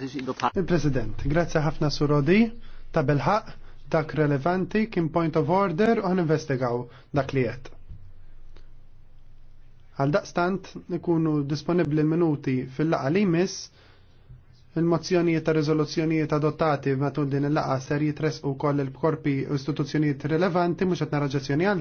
Il-President, grazzi ħafna surodi, ta' belħaq, dak relevanti kien point of order u investigaw dak li jett. Għal daqstant ikunu disponibli l-minuti fil-laqa li jmiss il-mozzjonijiet ta' rezoluzzjonijiet adottati matul din il-laqa ser jitresqu koll il-korpi u istituzzjonijiet rilevanti mhux qed naraġazzjoni